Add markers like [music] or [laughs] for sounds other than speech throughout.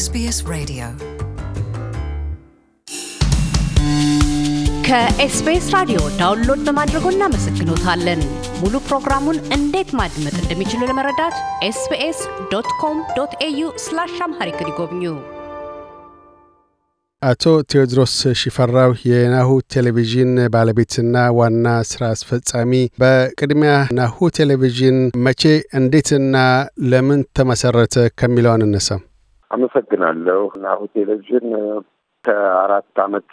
ኤስቢኤስ ሬዲዮ ከኤስቢኤስ ራዲዮ ዳውንሎድ በማድረጎ እናመሰግኖታለን። ሙሉ ፕሮግራሙን እንዴት ማድመጥ እንደሚችሉ ለመረዳት ኤስቢኤስ ዶት ኮም ዶት ኤዩ ስላሽ አምሃሪክ ይጎብኙ። አቶ ቴዎድሮስ ሽፈራው የናሁ ቴሌቪዥን ባለቤትና ዋና ስራ አስፈጻሚ፣ በቅድሚያ ናሁ ቴሌቪዥን መቼ እንዴትና ለምን ተመሰረተ ከሚለው አንነሳም። አመሰግናለሁ። ናሁ ቴሌቪዥን ከአራት አመት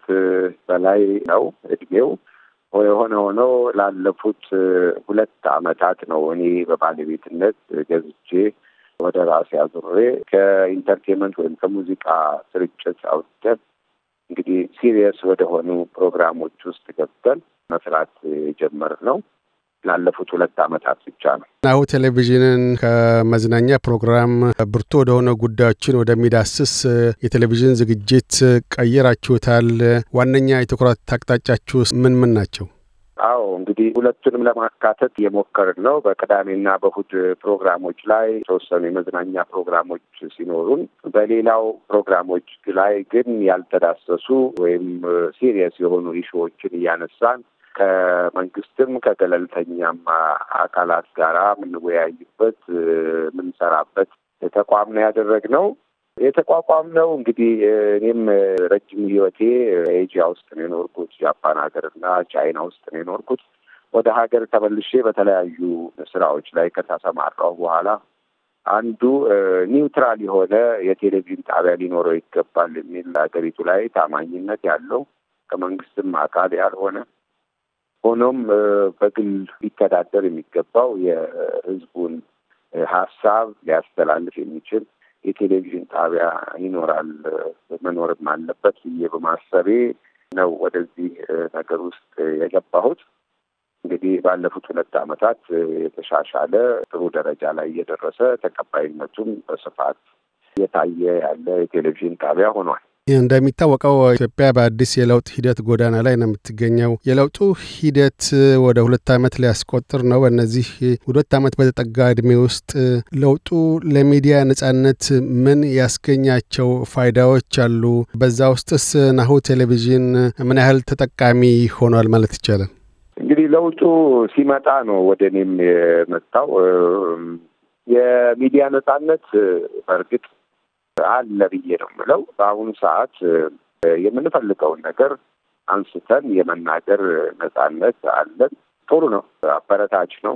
በላይ ነው እድሜው። የሆነ ሆኖ ላለፉት ሁለት አመታት ነው እኔ በባለቤትነት ገዝቼ ወደ ራሴ አዙሬ ከኢንተርቴንመንት ወይም ከሙዚቃ ስርጭት አውጥተን እንግዲህ ሲሪየስ ወደሆኑ ፕሮግራሞች ውስጥ ገብተን መስራት የጀመርነው ላለፉት ሁለት ዓመታት ብቻ ነው። ናሁ ቴሌቪዥንን ከመዝናኛ ፕሮግራም ብርቱ ወደሆነ ጉዳዮችን ወደሚዳስስ የቴሌቪዥን ዝግጅት ቀይራችሁታል። ዋነኛ የትኩረት አቅጣጫችሁ ምን ምን ናቸው? አዎ እንግዲህ ሁለቱንም ለማካተት የሞከርን ነው። በቅዳሜና በእሁድ ፕሮግራሞች ላይ የተወሰኑ የመዝናኛ ፕሮግራሞች ሲኖሩን፣ በሌላው ፕሮግራሞች ላይ ግን ያልተዳሰሱ ወይም ሲሪየስ የሆኑ ኢሹዎችን እያነሳን ከመንግስትም ከገለልተኛም አካላት ጋር የምንወያይበት የምንሰራበት ተቋም ነው ያደረግነው። የተቋቋም ነው እንግዲህ እኔም ረጅም ህይወቴ ኤጂያ ውስጥ ነው የኖርኩት፣ ጃፓን ሀገር እና ቻይና ውስጥ ነው የኖርኩት። ወደ ሀገር ተመልሼ በተለያዩ ስራዎች ላይ ከተሰማራሁ በኋላ አንዱ ኒውትራል የሆነ የቴሌቪዥን ጣቢያ ሊኖረው ይገባል የሚል ሀገሪቱ ላይ ታማኝነት ያለው ከመንግስትም አካል ያልሆነ ሆኖም በግል ሊተዳደር የሚገባው የህዝቡን ሀሳብ ሊያስተላልፍ የሚችል የቴሌቪዥን ጣቢያ ይኖራል መኖርም አለበት ብዬ በማሰቤ ነው ወደዚህ ነገር ውስጥ የገባሁት። እንግዲህ ባለፉት ሁለት ዓመታት የተሻሻለ ጥሩ ደረጃ ላይ እየደረሰ ተቀባይነቱም በስፋት እየታየ ያለ የቴሌቪዥን ጣቢያ ሆኗል። እንደሚታወቀው ኢትዮጵያ በአዲስ የለውጥ ሂደት ጎዳና ላይ ነው የምትገኘው። የለውጡ ሂደት ወደ ሁለት ዓመት ሊያስቆጥር ነው። በእነዚህ ሁለት ዓመት በተጠጋ እድሜ ውስጥ ለውጡ ለሚዲያ ነጻነት ምን ያስገኛቸው ፋይዳዎች አሉ? በዛ ውስጥስ ናሁ ቴሌቪዥን ምን ያህል ተጠቃሚ ሆኗል ማለት ይቻላል? እንግዲህ ለውጡ ሲመጣ ነው ወደ እኔም የመጣው። የሚዲያ ነጻነት በእርግጥ አለ ብዬ ነው የምለው። በአሁኑ ሰዓት የምንፈልገውን ነገር አንስተን የመናገር ነጻነት አለን። ጥሩ ነው፣ አበረታች ነው።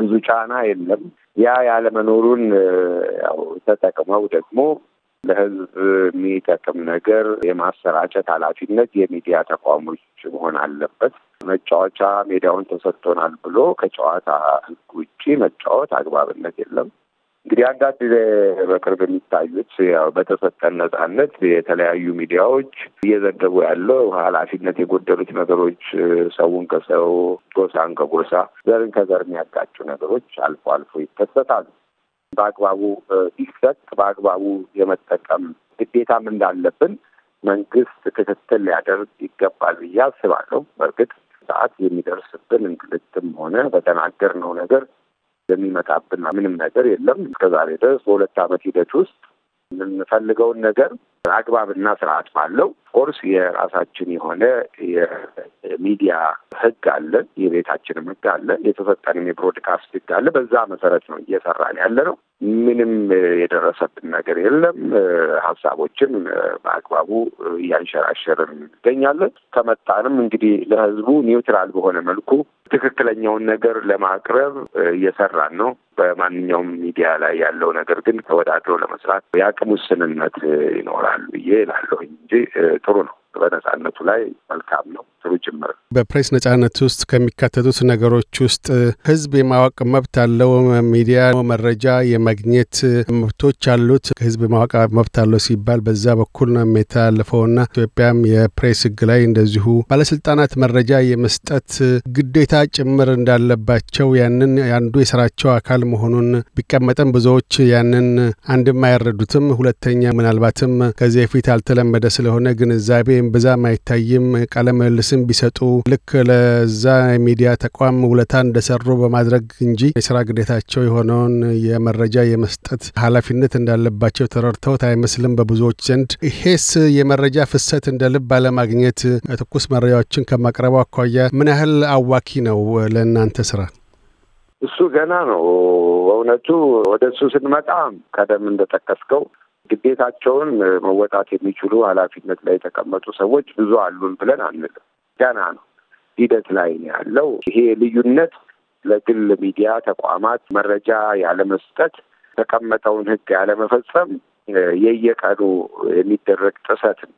ብዙ ጫና የለም። ያ ያለመኖሩን ያው ተጠቅመው ደግሞ ለህዝብ የሚጠቅም ነገር የማሰራጨት ኃላፊነት የሚዲያ ተቋሞች መሆን አለበት። መጫወቻ ሜዳውን ተሰጥቶናል ብሎ ከጨዋታ ህግ ውጪ መጫወት አግባብነት የለም። እንግዲህ አንዳንድ በቅርብ የሚታዩት ያው በተሰጠን ነጻነት የተለያዩ ሚዲያዎች እየዘገቡ ያለው ኃላፊነት የጎደሉት ነገሮች ሰውን ከሰው ጎሳን ከጎሳ ዘርን ከዘር የሚያጋጩ ነገሮች አልፎ አልፎ ይከሰታሉ። በአግባቡ ሲሰጥ በአግባቡ የመጠቀም ግዴታም እንዳለብን መንግስት ክትትል ሊያደርግ ይገባል ብዬ አስባለሁ። በእርግጥ ሰዓት የሚደርስብን እንግልትም ሆነ በተናገርነው ነገር የሚመጣብን ምንም ነገር የለም። እስከዛሬ ድረስ በሁለት ዓመት ሂደት ውስጥ የምንፈልገውን ነገር አግባብና ስርዓት ባለው ኦፍኮርስ የራሳችን የሆነ የሚዲያ ህግ አለ፣ የቤታችንም ህግ አለ፣ የተሰጠንም የብሮድካስት ህግ አለ። በዛ መሰረት ነው እየሰራን ያለ ነው። ምንም የደረሰብን ነገር የለም። ሀሳቦችን በአግባቡ እያንሸራሸርን እንገኛለን። ከመጣንም እንግዲህ ለህዝቡ ኒውትራል በሆነ መልኩ ትክክለኛውን ነገር ለማቅረብ እየሰራን ነው። በማንኛውም ሚዲያ ላይ ያለው ነገር ግን ተወዳድሮ ለመስራት የአቅም ውስንነት ይኖራል ብዬ እላለሁኝ እንጂ ጥሩ ነው። በነጻነቱ ላይ መልካም ነው፣ ጥሩ ጅምር። በፕሬስ ነጻነት ውስጥ ከሚካተቱት ነገሮች ውስጥ ህዝብ የማወቅ መብት አለው። ሚዲያ መረጃ የማግኘት መብቶች አሉት። ህዝብ የማወቅ መብት አለው ሲባል በዛ በኩል ነው የሚተላለፈውና ኢትዮጵያም የፕሬስ ህግ ላይ እንደዚሁ ባለስልጣናት መረጃ የመስጠት ግዴታ ጭምር እንዳለባቸው ያንን አንዱ የስራቸው አካል መሆኑን ቢቀመጥም ብዙዎች ያንን አንድም አይረዱትም፣ ሁለተኛ ምናልባትም ከዚህ በፊት አልተለመደ ስለሆነ ግንዛቤ ወይም ብዛም አይታይም። ቃለ ምልልስም ቢሰጡ ልክ ለዛ የሚዲያ ተቋም ውለታ እንደሰሩ በማድረግ እንጂ የስራ ግዴታቸው የሆነውን የመረጃ የመስጠት ኃላፊነት እንዳለባቸው ተረድተውት አይመስልም በብዙዎች ዘንድ። ይሄስ የመረጃ ፍሰት እንደ ልብ አለማግኘት ትኩስ መረጃዎችን ከማቅረቡ አኳያ ምን ያህል አዋኪ ነው ለእናንተ ስራ? እሱ ገና ነው። በእውነቱ ወደ እሱ ስንመጣ ቀደም እንደጠቀስከው ግዴታቸውን መወጣት የሚችሉ ኃላፊነት ላይ የተቀመጡ ሰዎች ብዙ አሉን ብለን አንልም። ገና ነው፣ ሂደት ላይ ነው ያለው። ይሄ ልዩነት ለግል ሚዲያ ተቋማት መረጃ ያለመስጠት፣ የተቀመጠውን ህግ ያለመፈጸም የየቀኑ የሚደረግ ጥሰት ነው።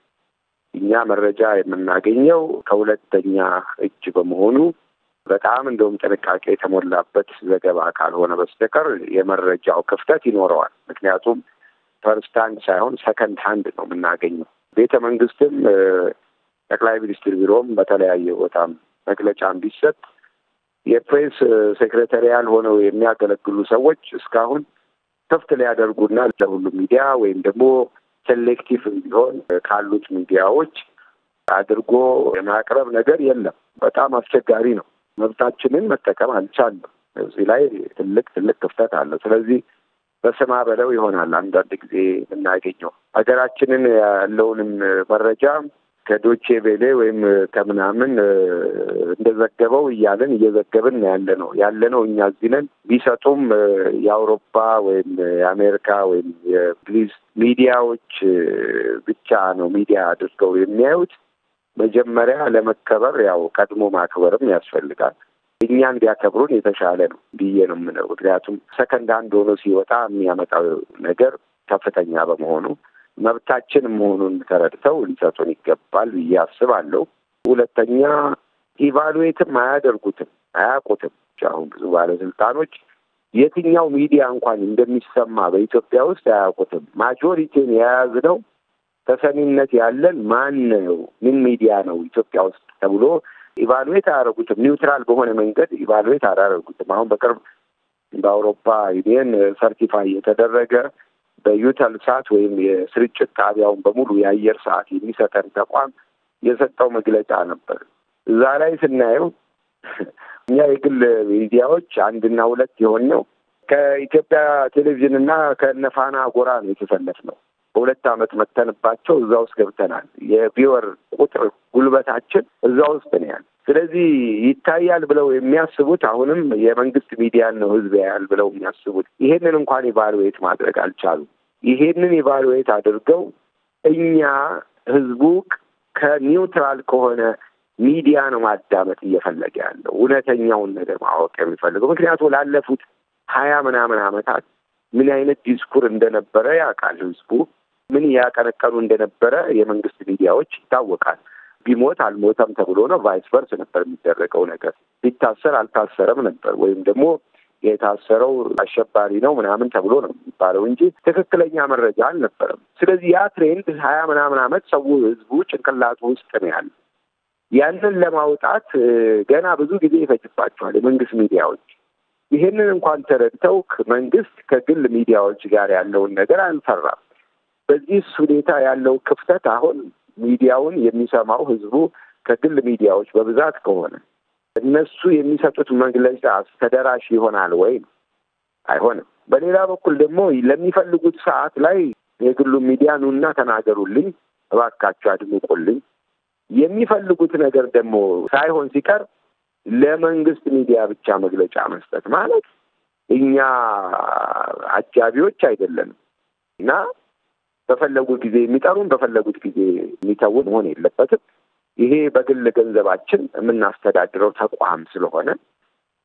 እኛ መረጃ የምናገኘው ከሁለተኛ እጅ በመሆኑ በጣም እንደውም ጥንቃቄ የተሞላበት ዘገባ ካልሆነ በስተቀር የመረጃው ክፍተት ይኖረዋል። ምክንያቱም ፈርስት ሀንድ ሳይሆን ሰከንድ ሀንድ ነው የምናገኘው። ቤተ መንግስትም ጠቅላይ ሚኒስትር ቢሮም በተለያየ ቦታም መግለጫ ቢሰጥ የፕሬስ ሴክሬታሪያል ሆነው የሚያገለግሉ ሰዎች እስካሁን ክፍት ሊያደርጉና ለሁሉም ሚዲያ ወይም ደግሞ ሴሌክቲቭ ቢሆን ካሉት ሚዲያዎች አድርጎ የማቅረብ ነገር የለም። በጣም አስቸጋሪ ነው። መብታችንን መጠቀም አልቻለም። እዚህ ላይ ትልቅ ትልቅ ክፍተት አለ። ስለዚህ በስማ በለው ይሆናል አንዳንድ ጊዜ የምናገኘው ሀገራችንን ያለውንም መረጃ ከዶቼ ቤሌ ወይም ከምናምን እንደዘገበው እያለን እየዘገብን ያለ ነው ያለ ነው። እኛ እዚህ ነን። ቢሰጡም የአውሮፓ ወይም የአሜሪካ ወይም የእንግሊዝ ሚዲያዎች ብቻ ነው ሚዲያ አድርገው የሚያዩት። መጀመሪያ ለመከበር ያው ቀድሞ ማክበርም ያስፈልጋል። እኛን ቢያከብሩን የተሻለ ነው ብዬ ነው የምለው። ምክንያቱም ሰከንድ አንድ ሆኖ ሲወጣ የሚያመጣው ነገር ከፍተኛ በመሆኑ መብታችን መሆኑን ተረድተው ሊሰጡን ይገባል ብዬ አስባለሁ። ሁለተኛ ኢቫሉዌትም አያደርጉትም፣ አያውቁትም። አሁን ብዙ ባለስልጣኖች የትኛው ሚዲያ እንኳን እንደሚሰማ በኢትዮጵያ ውስጥ አያውቁትም። ማጆሪቲን የያዝነው ተሰሚነት ያለን ማን ነው፣ ምን ሚዲያ ነው ኢትዮጵያ ውስጥ ተብሎ ኢቫሉዌት አያደረጉትም። ኒውትራል በሆነ መንገድ ኢቫሉዌት አላደረጉትም። አሁን በቅርብ በአውሮፓ ዩኒየን ሰርቲፋይ የተደረገ በዩተል ሳት ወይም የስርጭት ጣቢያውን በሙሉ የአየር ሰዓት የሚሰጠን ተቋም የሰጠው መግለጫ ነበር። እዛ ላይ ስናየው [laughs] እኛ የግል ሚዲያዎች አንድና ሁለት የሆነው ከኢትዮጵያ ቴሌቪዥን እና ከነፋና ጎራ ነው የተሰለፍ ነው። በሁለት ዓመት መተንባቸው እዛ ውስጥ ገብተናል። የቪወር ቁጥር ጉልበታችን እዛ ውስጥ ነው ያለ። ስለዚህ ይታያል ብለው የሚያስቡት አሁንም የመንግስት ሚዲያን ነው ህዝብ ያያል ብለው የሚያስቡት ይሄንን እንኳን ኢቫሉዌት ማድረግ አልቻሉም። ይሄንን ኢቫሉዌት አድርገው እኛ ህዝቡ ከኒውትራል ከሆነ ሚዲያ ነው ማዳመጥ እየፈለገ ያለው እውነተኛውን ነገር ማወቅ የሚፈልገው ምክንያቱም ላለፉት ሀያ ምናምን ዓመታት ምን አይነት ዲስኩር እንደነበረ ያውቃል ህዝቡ ምን ያቀነቀኑ እንደነበረ የመንግስት ሚዲያዎች ይታወቃል። ቢሞት አልሞተም ተብሎ ነው። ቫይስ ቨርስ ነበር የሚደረገው ነገር። ቢታሰር አልታሰረም ነበር ወይም ደግሞ የታሰረው አሸባሪ ነው ምናምን ተብሎ ነው የሚባለው እንጂ ትክክለኛ መረጃ አልነበረም። ስለዚህ ያ ትሬንድ ሀያ ምናምን ዓመት ሰው ህዝቡ ጭንቅላቱ ውስጥ ነው ያለ። ያንን ለማውጣት ገና ብዙ ጊዜ ይፈጅባቸዋል የመንግስት ሚዲያዎች። ይህንን እንኳን ተረድተው መንግስት ከግል ሚዲያዎች ጋር ያለውን ነገር አልፈራም። በዚህ ሁኔታ ያለው ክፍተት አሁን ሚዲያውን የሚሰማው ህዝቡ ከግል ሚዲያዎች በብዛት ከሆነ እነሱ የሚሰጡት መግለጫ ተደራሽ ይሆናል ወይ? አይሆንም። በሌላ በኩል ደግሞ ለሚፈልጉት ሰዓት ላይ የግሉ ሚዲያ ኑና ተናገሩልኝ፣ እባካችሁ አድምቁልኝ የሚፈልጉት ነገር ደግሞ ሳይሆን ሲቀር ለመንግስት ሚዲያ ብቻ መግለጫ መስጠት ማለት እኛ አጃቢዎች አይደለንም እና በፈለጉት ጊዜ የሚጠሩን በፈለጉት ጊዜ የሚተውን መሆን የለበትም። ይሄ በግል ገንዘባችን የምናስተዳድረው ተቋም ስለሆነ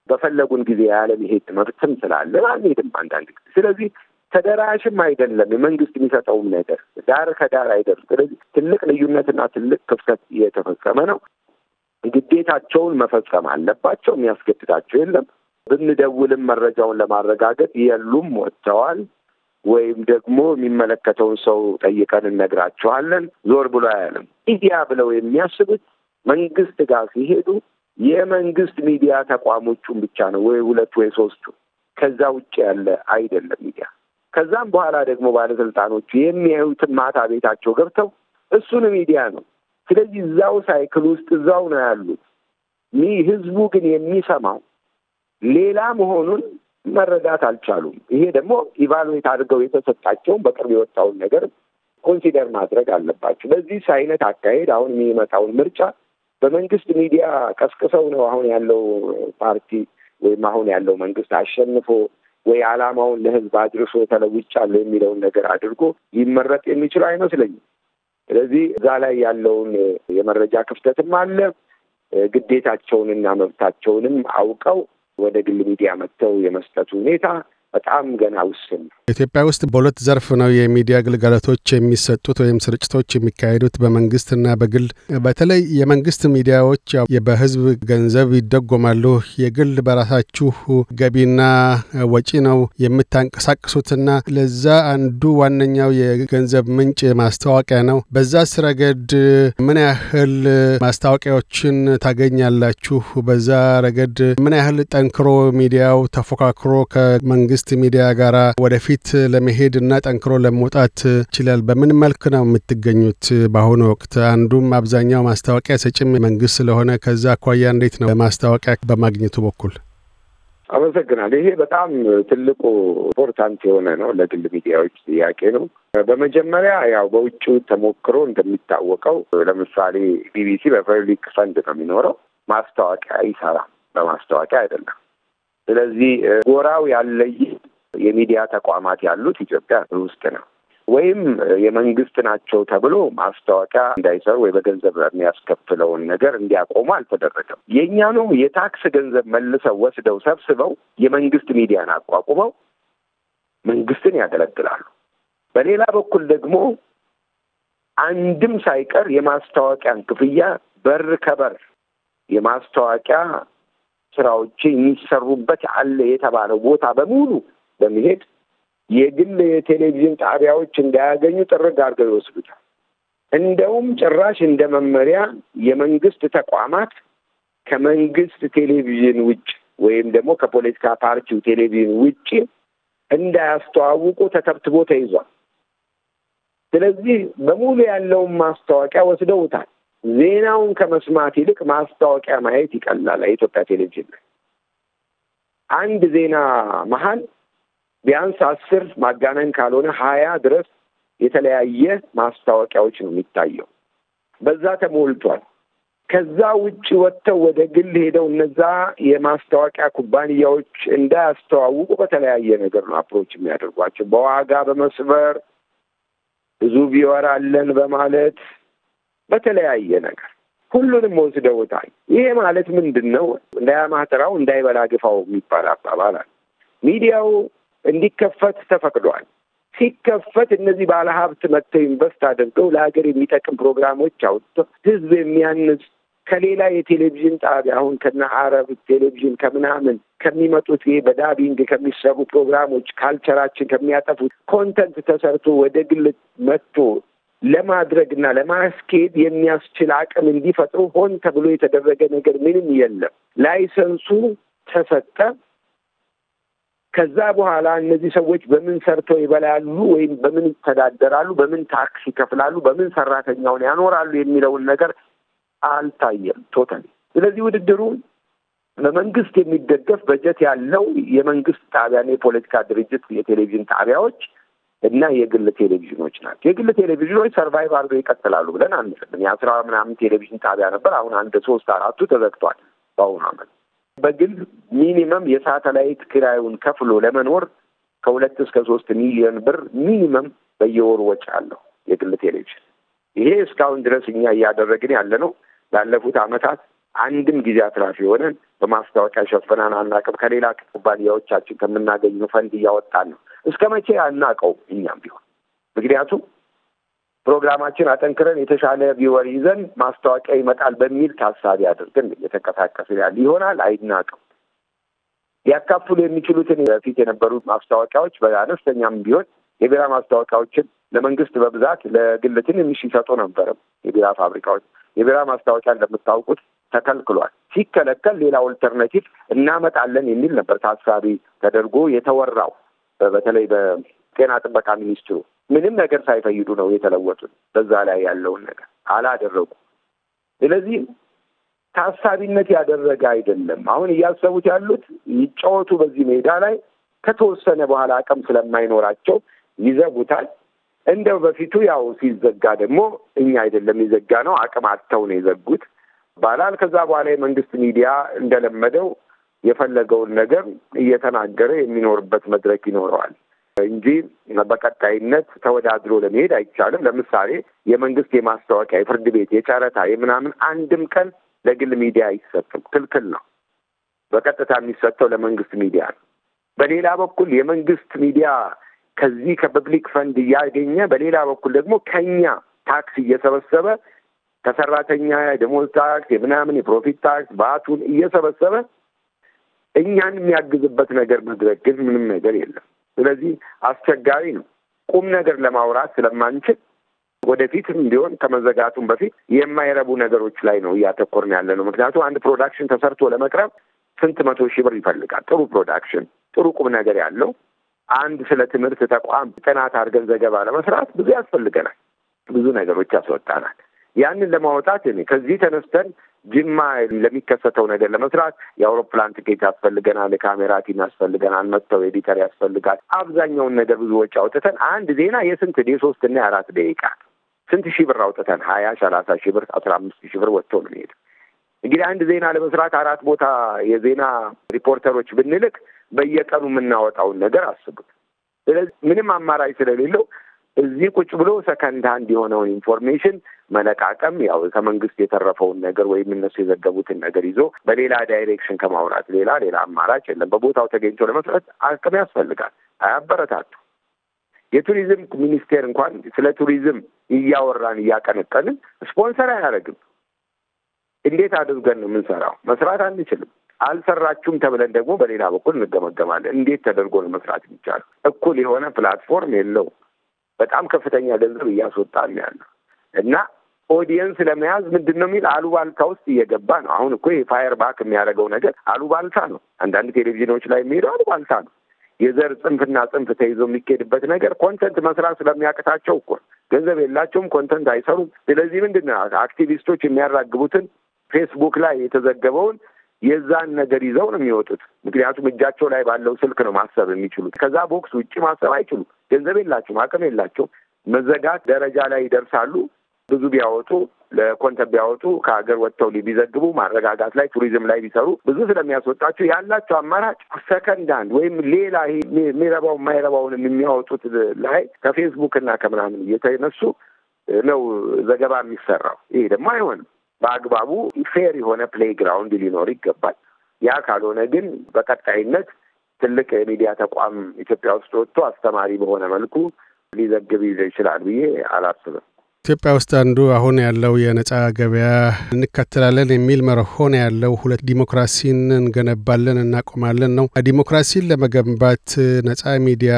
በፈለጉን ጊዜ ያለመሄድ መብትም ስላለ አንሄድም አንዳንድ ጊዜ። ስለዚህ ተደራሽም አይደለም የመንግስት የሚሰጠውም ነገር ዳር ከዳር አይደለም። ስለዚህ ትልቅ ልዩነትና ትልቅ ክፍተት እየተፈጸመ ነው። ግዴታቸውን መፈጸም አለባቸው። የሚያስገድዳቸው የለም። ብንደውልም መረጃውን ለማረጋገጥ የሉም፣ ወጥተዋል። ወይም ደግሞ የሚመለከተውን ሰው ጠይቀን እነግራቸዋለን። ዞር ብሎ አያለም። ሚዲያ ብለው የሚያስቡት መንግስት ጋር ሲሄዱ የመንግስት ሚዲያ ተቋሞቹን ብቻ ነው ወይ ሁለት ወይ ሶስቱ፣ ከዛ ውጭ ያለ አይደለም ሚዲያ። ከዛም በኋላ ደግሞ ባለስልጣኖቹ የሚያዩትን ማታ ቤታቸው ገብተው እሱን ሚዲያ ነው። ስለዚህ እዛው ሳይክል ውስጥ እዛው ነው ያሉት። ህዝቡ ግን የሚሰማው ሌላ መሆኑን መረዳት አልቻሉም። ይሄ ደግሞ ኢቫሉዌት አድርገው የተሰጣቸውን በቅርብ የወጣውን ነገር ኮንሲደር ማድረግ አለባቸው። በዚህ አይነት አካሄድ አሁን የሚመጣውን ምርጫ በመንግስት ሚዲያ ቀስቅሰው ነው አሁን ያለው ፓርቲ ወይም አሁን ያለው መንግስት አሸንፎ ወይ አላማውን ለህዝብ አድርሶ ተለውጫለሁ የሚለውን ነገር አድርጎ ሊመረጥ የሚችለው አይመስለኝም። ስለዚህ እዛ ላይ ያለውን የመረጃ ክፍተትም አለ። ግዴታቸውንና መብታቸውንም አውቀው ወደ ግል ሚዲያ መጥተው የመስጠቱ ሁኔታ በጣም ገና ውስን ነው። ኢትዮጵያ ውስጥ በሁለት ዘርፍ ነው የሚዲያ አገልግሎቶች የሚሰጡት ወይም ስርጭቶች የሚካሄዱት በመንግስትና በግል። በተለይ የመንግስት ሚዲያዎች በህዝብ ገንዘብ ይደጎማሉ። የግል በራሳችሁ ገቢና ወጪ ነው የምታንቀሳቅሱትና ለዛ አንዱ ዋነኛው የገንዘብ ምንጭ ማስታወቂያ ነው። በዛ ስረገድ ምን ያህል ማስታወቂያዎችን ታገኛላችሁ? በዛ ረገድ ምን ያህል ጠንክሮ ሚዲያው ተፎካክሮ ከመንግስት ከመንግስት ሚዲያ ጋር ወደፊት ለመሄድ እና ጠንክሮ ለመውጣት ይችላል። በምን መልክ ነው የምትገኙት በአሁኑ ወቅት? አንዱም አብዛኛው ማስታወቂያ ሰጭም መንግስት ስለሆነ ከዛ አኳያ እንዴት ነው ማስታወቂያ በማግኘቱ በኩል? አመሰግናል። ይሄ በጣም ትልቁ ኢምፖርታንት የሆነ ነው ለግል ሚዲያዎች ጥያቄ ነው። በመጀመሪያ ያው በውጭ ተሞክሮ እንደሚታወቀው ለምሳሌ ቢቢሲ በፐብሊክ ፈንድ ነው የሚኖረው። ማስታወቂያ ይሰራ በማስታወቂያ አይደለም ስለዚህ ጎራው ያለይ የሚዲያ ተቋማት ያሉት ኢትዮጵያ ውስጥ ነው። ወይም የመንግስት ናቸው ተብሎ ማስታወቂያ እንዳይሰሩ ወይ በገንዘብ የሚያስከፍለውን ነገር እንዲያቆሙ አልተደረገም። የእኛኑ የታክስ ገንዘብ መልሰው ወስደው ሰብስበው የመንግስት ሚዲያን አቋቁመው መንግስትን ያገለግላሉ። በሌላ በኩል ደግሞ አንድም ሳይቀር የማስታወቂያን ክፍያ በር ከበር የማስታወቂያ ስራዎች የሚሰሩበት አለ የተባለው ቦታ በሙሉ በመሄድ የግል የቴሌቪዥን ጣቢያዎች እንዳያገኙ ጥርግ አድርገው ይወስዱታል። እንደውም ጭራሽ እንደ መመሪያ የመንግስት ተቋማት ከመንግስት ቴሌቪዥን ውጭ ወይም ደግሞ ከፖለቲካ ፓርቲው ቴሌቪዥን ውጭ እንዳያስተዋውቁ ተተብትቦ ተይዟል። ስለዚህ በሙሉ ያለውን ማስታወቂያ ወስደውታል። ዜናውን ከመስማት ይልቅ ማስታወቂያ ማየት ይቀላል። የኢትዮጵያ ቴሌቪዥን ላይ አንድ ዜና መሀል ቢያንስ አስር ማጋነን ካልሆነ ሀያ ድረስ የተለያየ ማስታወቂያዎች ነው የሚታየው። በዛ ተሞልቷል። ከዛ ውጭ ወጥተው ወደ ግል ሄደው እነዛ የማስታወቂያ ኩባንያዎች እንዳያስተዋውቁ በተለያየ ነገር ነው አፕሮች የሚያደርጓቸው። በዋጋ በመስበር ብዙ ቪወር አለን በማለት በተለያየ ነገር ሁሉንም ወስደውታል። ይሄ ማለት ምንድን ነው? እንዳያማትራው እንዳይበላ ግፋው የሚባል አባባል አለ። ሚዲያው እንዲከፈት ተፈቅዷል። ሲከፈት እነዚህ ባለሀብት መጥተው ኢንቨስት አድርገው ለሀገር የሚጠቅም ፕሮግራሞች አውጥቶ ህዝብ የሚያንስ ከሌላ የቴሌቪዥን ጣቢያ አሁን ከነ አረብ ቴሌቪዥን ከምናምን ከሚመጡት ይሄ በዳቢንግ ከሚሰሩ ፕሮግራሞች ካልቸራችን ከሚያጠፉት ኮንተንት ተሰርቶ ወደ ግል መጥቶ እና ለማስኬድ የሚያስችል አቅም እንዲፈጥሩ ሆን ተብሎ የተደረገ ነገር ምንም የለም። ላይሰንሱ ተሰጠ። ከዛ በኋላ እነዚህ ሰዎች በምን ሰርተው ይበላሉ ወይም በምን ይተዳደራሉ፣ በምን ታክስ ይከፍላሉ፣ በምን ሰራተኛውን ያኖራሉ የሚለውን ነገር አልታየም ቶታሊ። ስለዚህ ውድድሩ በመንግስት የሚደገፍ በጀት ያለው የመንግስት ጣቢያና የፖለቲካ ድርጅት የቴሌቪዥን ጣቢያዎች እና የግል ቴሌቪዥኖች ናቸው። የግል ቴሌቪዥኖች ሰርቫይቭ አድርገው ይቀጥላሉ ብለን አንችልም። የአስራ ምናምን ቴሌቪዥን ጣቢያ ነበር። አሁን አንድ ሶስት አራቱ ተዘግቷል በአሁኑ አመት። በግል ሚኒመም የሳተላይት ኪራዩን ከፍሎ ለመኖር ከሁለት እስከ ሶስት ሚሊዮን ብር ሚኒመም በየወሩ ወጪ አለው የግል ቴሌቪዥን። ይሄ እስካሁን ድረስ እኛ እያደረግን ያለ ነው። ላለፉት አመታት አንድም ጊዜ አትራፊ የሆነን በማስታወቂያ ሸፈናን አናውቅም። ከሌላ ኩባንያዎቻችን ከምናገኘው ፈንድ እያወጣን ነው። እስከ መቼ አናቀው እኛም ቢሆን ምክንያቱም ፕሮግራማችን አጠንክረን የተሻለ ቪወር ይዘን ማስታወቂያ ይመጣል በሚል ታሳቢ አድርገን እየተንቀሳቀስ ያለ ይሆናል። አይናቅም። ሊያካፍሉ የሚችሉትን በፊት የነበሩ ማስታወቂያዎች በአነስተኛም ቢሆን የቢራ ማስታወቂያዎችን ለመንግስት በብዛት ለግል ትንንሽ ሲሰጡ ነበርም። የቢራ ፋብሪካዎች የቢራ ማስታወቂያ እንደምታውቁት ተከልክሏል። ሲከለከል ሌላ ኦልተርናቲቭ እናመጣለን የሚል ነበር ታሳቢ ተደርጎ የተወራው። በተለይ በጤና ጥበቃ ሚኒስትሩ ምንም ነገር ሳይፈይዱ ነው የተለወጡት። በዛ ላይ ያለውን ነገር አላደረጉ። ስለዚህ ታሳቢነት ያደረገ አይደለም። አሁን እያሰቡት ያሉት ይጫወቱ በዚህ ሜዳ ላይ ከተወሰነ በኋላ አቅም ስለማይኖራቸው ይዘጉታል። እንደው በፊቱ ያው ሲዘጋ ደግሞ እኛ አይደለም የዘጋ ነው አቅም አጥተው ነው የዘጉት ባላል። ከዛ በኋላ የመንግስት ሚዲያ እንደለመደው የፈለገውን ነገር እየተናገረ የሚኖርበት መድረክ ይኖረዋል እንጂ በቀጣይነት ተወዳድሮ ለመሄድ አይቻልም። ለምሳሌ የመንግስት የማስታወቂያ፣ የፍርድ ቤት፣ የጨረታ የምናምን አንድም ቀን ለግል ሚዲያ አይሰጥም፣ ክልክል ነው። በቀጥታ የሚሰጠው ለመንግስት ሚዲያ ነው። በሌላ በኩል የመንግስት ሚዲያ ከዚህ ከፐብሊክ ፈንድ እያገኘ በሌላ በኩል ደግሞ ከኛ ታክስ እየሰበሰበ ከሰራተኛ ደሞዝ ታክስ፣ የምናምን የፕሮፊት ታክስ፣ ባቱን እየሰበሰበ እኛን የሚያግዝበት ነገር መድረክ ግን ምንም ነገር የለም። ስለዚህ አስቸጋሪ ነው። ቁም ነገር ለማውራት ስለማንችል ወደፊትም ቢሆን ከመዘጋቱም በፊት የማይረቡ ነገሮች ላይ ነው እያተኮርን ያለ ነው። ምክንያቱም አንድ ፕሮዳክሽን ተሰርቶ ለመቅረብ ስንት መቶ ሺህ ብር ይፈልጋል። ጥሩ ፕሮዳክሽን፣ ጥሩ ቁም ነገር ያለው አንድ ስለ ትምህርት ተቋም ጥናት አድርገን ዘገባ ለመስራት ብዙ ያስፈልገናል፣ ብዙ ነገሮች ያስወጣናል። ያንን ለማውጣት እኔ ከዚህ ተነስተን ጅማ ለሚከሰተው ነገር ለመስራት የአውሮፕላን ትኬት ያስፈልገናል፣ የካሜራ ቲም ያስፈልገናል፣ መጥተው ኤዲተር ያስፈልጋል። አብዛኛውን ነገር ብዙ ወጪ አውጥተን አንድ ዜና የስንት የሶስትና የአራት ደቂቃ ስንት ሺህ ብር አውጥተን ሀያ ሰላሳ ሺህ ብር አስራ አምስት ሺህ ብር ወጥቶ ነው የሚሄድ። እንግዲህ አንድ ዜና ለመስራት አራት ቦታ የዜና ሪፖርተሮች ብንልክ በየቀኑ የምናወጣውን ነገር አስቡት። ስለዚህ ምንም አማራጭ ስለሌለው እዚህ ቁጭ ብሎ ሰከንድ ሀንድ የሆነውን ኢንፎርሜሽን መለቃቀም ያው ከመንግስት የተረፈውን ነገር ወይም እነሱ የዘገቡትን ነገር ይዞ በሌላ ዳይሬክሽን ከማውራት ሌላ ሌላ አማራጭ የለም። በቦታው ተገኝቶ ለመስረት አቅም ያስፈልጋል። አያበረታቱ። የቱሪዝም ሚኒስቴር እንኳን ስለ ቱሪዝም እያወራን እያቀነቀንን ስፖንሰር አያደርግም። እንዴት አድርገን ነው የምንሰራው? መስራት አንችልም። አልሰራችሁም ተብለን ደግሞ በሌላ በኩል እንገመገማለን። እንዴት ተደርጎ ነው መስራት የሚቻለው? እኩል የሆነ ፕላትፎርም የለውም። በጣም ከፍተኛ ገንዘብ እያስወጣ ነው ያለው እና ኦዲየንስ ለመያዝ ምንድን ነው የሚል አሉባልታ ውስጥ እየገባ ነው። አሁን እኮ የፋየር ባክ የሚያደርገው ነገር አሉባልታ ነው። አንዳንድ ቴሌቪዥኖች ላይ የሚሄደው አሉባልታ ነው። የዘር ጽንፍና ጽንፍ ተይዞ የሚኬድበት ነገር ኮንተንት መስራት ስለሚያቅታቸው እኮ ገንዘብ የላቸውም፣ ኮንተንት አይሰሩም። ስለዚህ ምንድን ነው አክቲቪስቶች የሚያራግቡትን ፌስቡክ ላይ የተዘገበውን የዛን ነገር ይዘው ነው የሚወጡት። ምክንያቱም እጃቸው ላይ ባለው ስልክ ነው ማሰብ የሚችሉት። ከዛ ቦክስ ውጭ ማሰብ አይችሉም። ገንዘብ የላቸውም፣ አቅም የላቸው መዘጋት ደረጃ ላይ ይደርሳሉ። ብዙ ቢያወጡ ለኮንተንት ቢያወጡ ከሀገር ወጥተው ቢዘግቡ ማረጋጋት ላይ ቱሪዝም ላይ ቢሰሩ ብዙ ስለሚያስወጣቸው ያላቸው አማራጭ ሰከንድ አንድ ወይም ሌላ የሚረባው የማይረባውን የሚያወጡት ላይ ከፌስቡክ እና ከምናምን እየተነሱ ነው ዘገባ የሚሰራው። ይሄ ደግሞ አይሆንም። በአግባቡ ፌር የሆነ ፕሌይ ግራውንድ ሊኖር ይገባል። ያ ካልሆነ ግን በቀጣይነት ትልቅ የሚዲያ ተቋም ኢትዮጵያ ውስጥ ወጥቶ አስተማሪ በሆነ መልኩ ሊዘግብ ይችላል ብዬ አላስብም። ኢትዮጵያ ውስጥ አንዱ አሁን ያለው የነጻ ገበያ እንከተላለን የሚል መርሆ ያለው። ሁለት ዲሞክራሲን እንገነባለን እናቆማለን ነው። ዲሞክራሲን ለመገንባት ነጻ ሚዲያ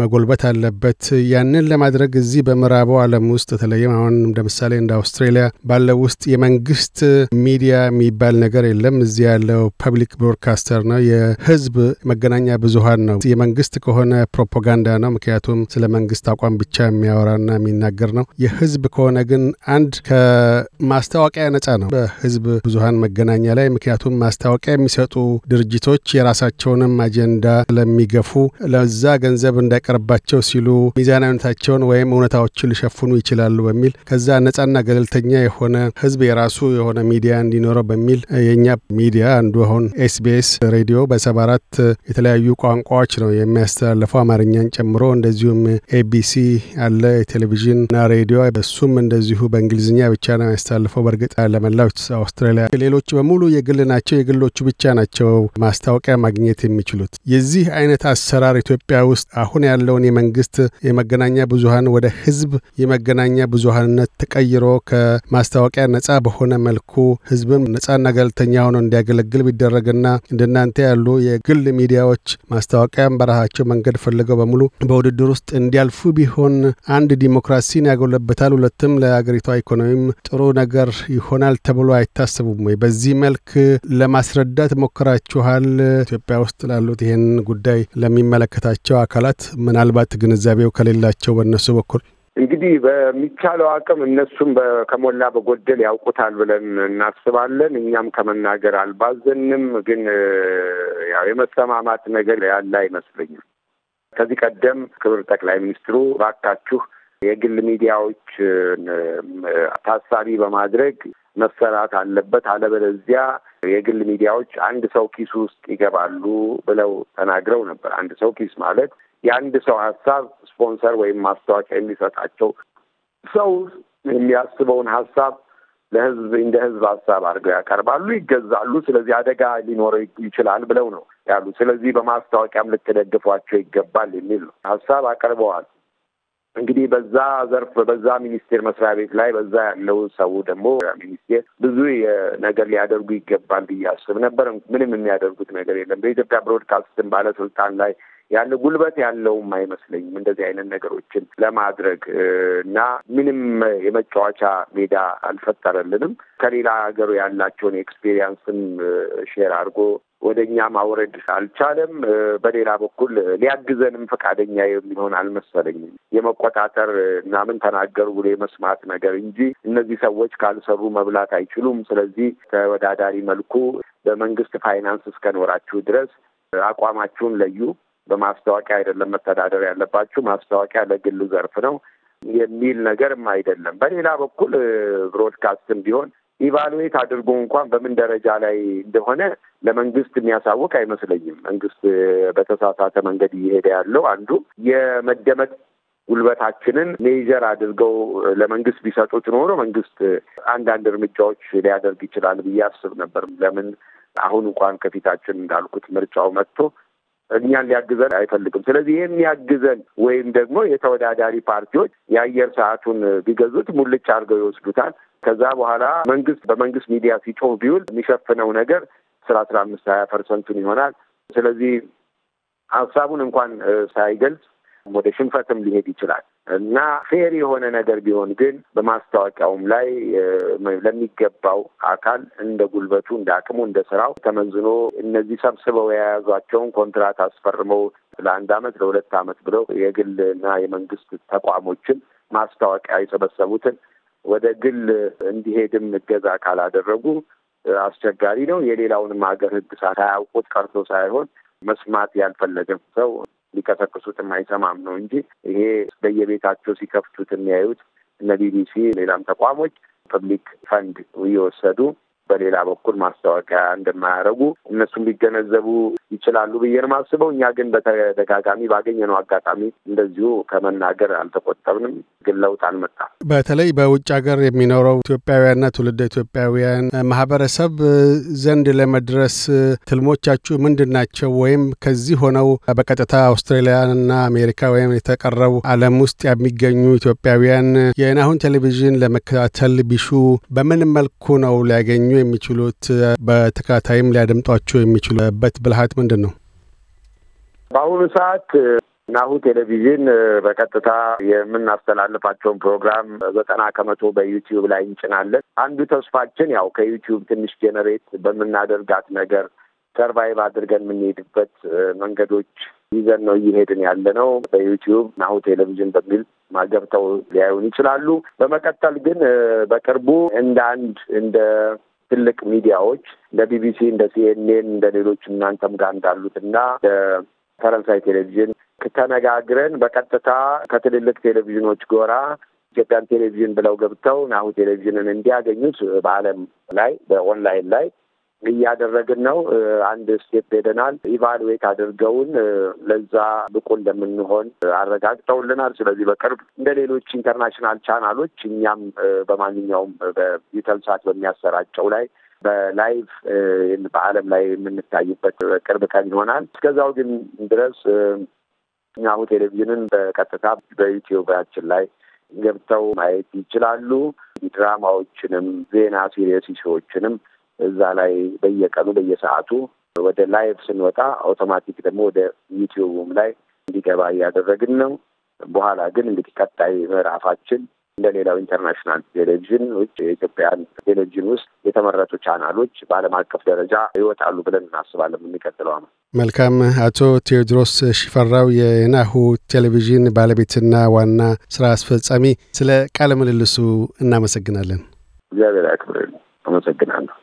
መጎልበት አለበት። ያንን ለማድረግ እዚህ በምዕራቡ ዓለም ውስጥ በተለይም አሁን እንደምሳሌ እንደ አውስትሬሊያ ባለው ውስጥ የመንግስት ሚዲያ የሚባል ነገር የለም። እዚህ ያለው ፐብሊክ ብሮድካስተር ነው፣ የህዝብ መገናኛ ብዙሀን ነው። የመንግስት ከሆነ ፕሮፓጋንዳ ነው፣ ምክንያቱም ስለ መንግስት አቋም ብቻ የሚያወራና የሚናገር ነው። የህዝብ ህዝብ ከሆነ ግን አንድ ከማስታወቂያ ነጻ ነው በህዝብ ብዙሀን መገናኛ ላይ። ምክንያቱም ማስታወቂያ የሚሰጡ ድርጅቶች የራሳቸውንም አጀንዳ ስለሚገፉ ለዛ ገንዘብ እንዳይቀርባቸው ሲሉ ሚዛናዊነታቸውን ወይም እውነታዎችን ሊሸፍኑ ይችላሉ በሚል ከዛ ነጻና ገለልተኛ የሆነ ህዝብ የራሱ የሆነ ሚዲያ እንዲኖረው በሚል የእኛ ሚዲያ አንዱ አሁን ኤስቢኤስ ሬዲዮ በሰባ አራት የተለያዩ ቋንቋዎች ነው የሚያስተላልፈው አማርኛን ጨምሮ እንደዚሁም ኤቢሲ አለ ና ሬዲዮ እሱም እንደዚሁ በእንግሊዝኛ ብቻ ነው ያስተላልፈው። በእርግጥ ለመላው አውስትራሊያ፣ ሌሎች በሙሉ የግል ናቸው። የግሎቹ ብቻ ናቸው ማስታወቂያ ማግኘት የሚችሉት። የዚህ አይነት አሰራር ኢትዮጵያ ውስጥ አሁን ያለውን የመንግስት የመገናኛ ብዙሀን ወደ ህዝብ የመገናኛ ብዙሀንነት ተቀይሮ ከማስታወቂያ ነጻ በሆነ መልኩ ህዝብም ነጻና ገለልተኛ ሆኖ እንዲያገለግል ቢደረግና እንደናንተ ያሉ የግል ሚዲያዎች ማስታወቂያን በራሳቸው መንገድ ፈልገው በሙሉ በውድድር ውስጥ እንዲያልፉ ቢሆን አንድ ዲሞክራሲን ያጎለበታል ሁለትም ለሀገሪቷ ኢኮኖሚም ጥሩ ነገር ይሆናል ተብሎ አይታሰቡም ወይ? በዚህ መልክ ለማስረዳት ሞክራችኋል? ኢትዮጵያ ውስጥ ላሉት ይህን ጉዳይ ለሚመለከታቸው አካላት ምናልባት ግንዛቤው ከሌላቸው በነሱ በኩል እንግዲህ በሚቻለው አቅም እነሱም ከሞላ በጎደል ያውቁታል ብለን እናስባለን። እኛም ከመናገር አልባዘንም፣ ግን ያው የመሰማማት ነገር ያለ አይመስለኝም። ከዚህ ቀደም ክብር ጠቅላይ ሚኒስትሩ እባካችሁ የግል ሚዲያዎች ታሳቢ በማድረግ መሰራት አለበት። አለበለዚያ የግል ሚዲያዎች አንድ ሰው ኪስ ውስጥ ይገባሉ ብለው ተናግረው ነበር። አንድ ሰው ኪስ ማለት የአንድ ሰው ሀሳብ ስፖንሰር ወይም ማስታወቂያ የሚሰጣቸው ሰው የሚያስበውን ሀሳብ ለህዝብ እንደ ህዝብ ሀሳብ አድርገው ያቀርባሉ፣ ይገዛሉ። ስለዚህ አደጋ ሊኖረው ይችላል ብለው ነው ያሉ። ስለዚህ በማስታወቂያም ልትደግፏቸው ይገባል የሚል ነው ሀሳብ አቅርበዋል። እንግዲህ በዛ ዘርፍ በዛ ሚኒስቴር መስሪያ ቤት ላይ በዛ ያለው ሰው ደግሞ ሚኒስቴር ብዙ ነገር ሊያደርጉ ይገባል ብዬ አስብ ነበር። ምንም የሚያደርጉት ነገር የለም። በኢትዮጵያ ብሮድካስትን ባለስልጣን ላይ ያለ ጉልበት ያለውም አይመስለኝም እንደዚህ አይነት ነገሮችን ለማድረግ እና ምንም የመጫወቻ ሜዳ አልፈጠረልንም። ከሌላ ሀገሩ ያላቸውን ኤክስፔሪየንስም ሼር አድርጎ ወደ እኛ ማውረድ አልቻለም። በሌላ በኩል ሊያግዘንም ፈቃደኛ የሚሆን አልመሰለኝም። የመቆጣጠር እና ምን ተናገሩ ብሎ የመስማት ነገር እንጂ እነዚህ ሰዎች ካልሰሩ መብላት አይችሉም። ስለዚህ ተወዳዳሪ መልኩ በመንግስት ፋይናንስ እስከኖራችሁ ድረስ አቋማችሁን ለዩ በማስታወቂያ አይደለም መተዳደር ያለባችሁ፣ ማስታወቂያ ለግሉ ዘርፍ ነው የሚል ነገርም አይደለም። በሌላ በኩል ብሮድካስትም ቢሆን ኢቫሉዌት አድርጎ እንኳን በምን ደረጃ ላይ እንደሆነ ለመንግስት የሚያሳውቅ አይመስለኝም። መንግስት በተሳሳተ መንገድ እየሄደ ያለው አንዱ የመደመጥ ጉልበታችንን ሜጀር አድርገው ለመንግስት ቢሰጡት ኖሮ መንግስት አንዳንድ እርምጃዎች ሊያደርግ ይችላል ብዬ አስብ ነበር። ለምን አሁን እንኳን ከፊታችን እንዳልኩት ምርጫው መጥቶ እኛን ሊያግዘን አይፈልግም። ስለዚህ ያግዘን ወይም ደግሞ የተወዳዳሪ ፓርቲዎች የአየር ሰዓቱን ቢገዙት ሙልጭ አድርገው ይወስዱታል። ከዛ በኋላ መንግስት በመንግስት ሚዲያ ሲጮህ ቢውል የሚሸፍነው ነገር ስራ አስራ አምስት ሀያ ፐርሰንቱን ይሆናል። ስለዚህ ሀሳቡን እንኳን ሳይገልጽ ወደ ሽንፈትም ሊሄድ ይችላል። እና ፌር የሆነ ነገር ቢሆን ግን በማስታወቂያውም ላይ ለሚገባው አካል እንደ ጉልበቱ፣ እንደ አቅሙ፣ እንደ ስራው ተመዝኖ እነዚህ ሰብስበው የያዟቸውን ኮንትራት አስፈርመው ለአንድ አመት ለሁለት አመት ብለው የግልና የመንግስት ተቋሞችን ማስታወቂያ የሰበሰቡትን ወደ ግል እንዲሄድም እገዛ ካላደረጉ አስቸጋሪ ነው። የሌላውንም ሀገር ህግ ሳያውቁት ቀርቶ ሳይሆን መስማት ያልፈለገም ሰው ሊቀሰቅሱትም አይሰማም ነው እንጂ ይሄ በየቤታቸው ሲከፍቱት የሚያዩት እነ ቢቢሲ ሌላም ተቋሞች ፐብሊክ ፈንድ እየወሰዱ በሌላ በኩል ማስታወቂያ እንደማያደርጉ እነሱም ሊገነዘቡ ይችላሉ ብዬ ነው የማስበው። እኛ ግን በተደጋጋሚ ባገኘነው አጋጣሚ እንደዚሁ ከመናገር አልተቆጠብንም፣ ግን ለውጥ አልመጣም። በተለይ በውጭ ሀገር የሚኖረው ኢትዮጵያውያንና ትውልደ ኢትዮጵያውያን ማህበረሰብ ዘንድ ለመድረስ ትልሞቻችሁ ምንድን ናቸው? ወይም ከዚህ ሆነው በቀጥታ አውስትራሊያና አሜሪካ ወይም የተቀረው ዓለም ውስጥ የሚገኙ ኢትዮጵያውያን የናሁን ቴሌቪዥን ለመከታተል ቢሹ በምን መልኩ ነው ሊያገኙ የሚችሉት በተከታታይም ሊያደምጧቸው የሚችሉበት ብልሃት ምንድን ነው? በአሁኑ ሰዓት ናሁ ቴሌቪዥን በቀጥታ የምናስተላልፋቸውን ፕሮግራም ዘጠና ከመቶ በዩቲዩብ ላይ እንጭናለን። አንዱ ተስፋችን ያው ከዩቲዩብ ትንሽ ጄኔሬት በምናደርጋት ነገር ሰርቫይቭ አድርገን የምንሄድበት መንገዶች ይዘን ነው እየሄድን ያለ ነው። በዩቲዩብ ናሁ ቴሌቪዥን በሚል ገብተው ሊያዩን ይችላሉ። በመቀጠል ግን በቅርቡ እንደ አንድ እንደ ትልቅ ሚዲያዎች እንደ ቢቢሲ፣ እንደ ሲኤንኤን፣ እንደ ሌሎች እናንተም ጋር እንዳሉት እና ፈረንሳይ ቴሌቪዥን ተነጋግረን በቀጥታ ከትልልቅ ቴሌቪዥኖች ጎራ ኢትዮጵያን ቴሌቪዥን ብለው ገብተው ናሁ ቴሌቪዥንን እንዲያገኙት በዓለም ላይ በኦንላይን ላይ እያደረግን ነው። አንድ ስቴፕ ሄደናል። ኢቫሉዌት አድርገውን ለዛ ብቁ እንደምንሆን አረጋግጠውልናል። ስለዚህ በቅርብ እንደ ሌሎች ኢንተርናሽናል ቻናሎች እኛም በማንኛውም በኢተልሳት በሚያሰራጨው ላይ በላይቭ በዓለም ላይ የምንታይበት ቅርብ ቀን ይሆናል። እስከዛው ግን ድረስ እኛሁ ቴሌቪዥንን በቀጥታ በዩቲዩባችን ላይ ገብተው ማየት ይችላሉ። ድራማዎችንም ዜና ሲሪየስ ሾዎችንም እዛ ላይ በየቀኑ በየሰዓቱ ወደ ላይቭ ስንወጣ አውቶማቲክ ደግሞ ወደ ዩትዩቡም ላይ እንዲገባ እያደረግን ነው። በኋላ ግን እንግዲህ ቀጣይ ምዕራፋችን እንደ ሌላው ኢንተርናሽናል ቴሌቪዥን ውጭ የኢትዮጵያን ቴሌቪዥን ውስጥ የተመረጡ ቻናሎች በዓለም አቀፍ ደረጃ ይወጣሉ ብለን እናስባለን። የሚቀጥለው ዓመት። መልካም። አቶ ቴዎድሮስ ሽፈራው የናሁ ቴሌቪዥን ባለቤትና ዋና ስራ አስፈጻሚ፣ ስለ ቃለ ምልልሱ እናመሰግናለን። እግዚአብሔር ያክብርልን። አመሰግናለሁ።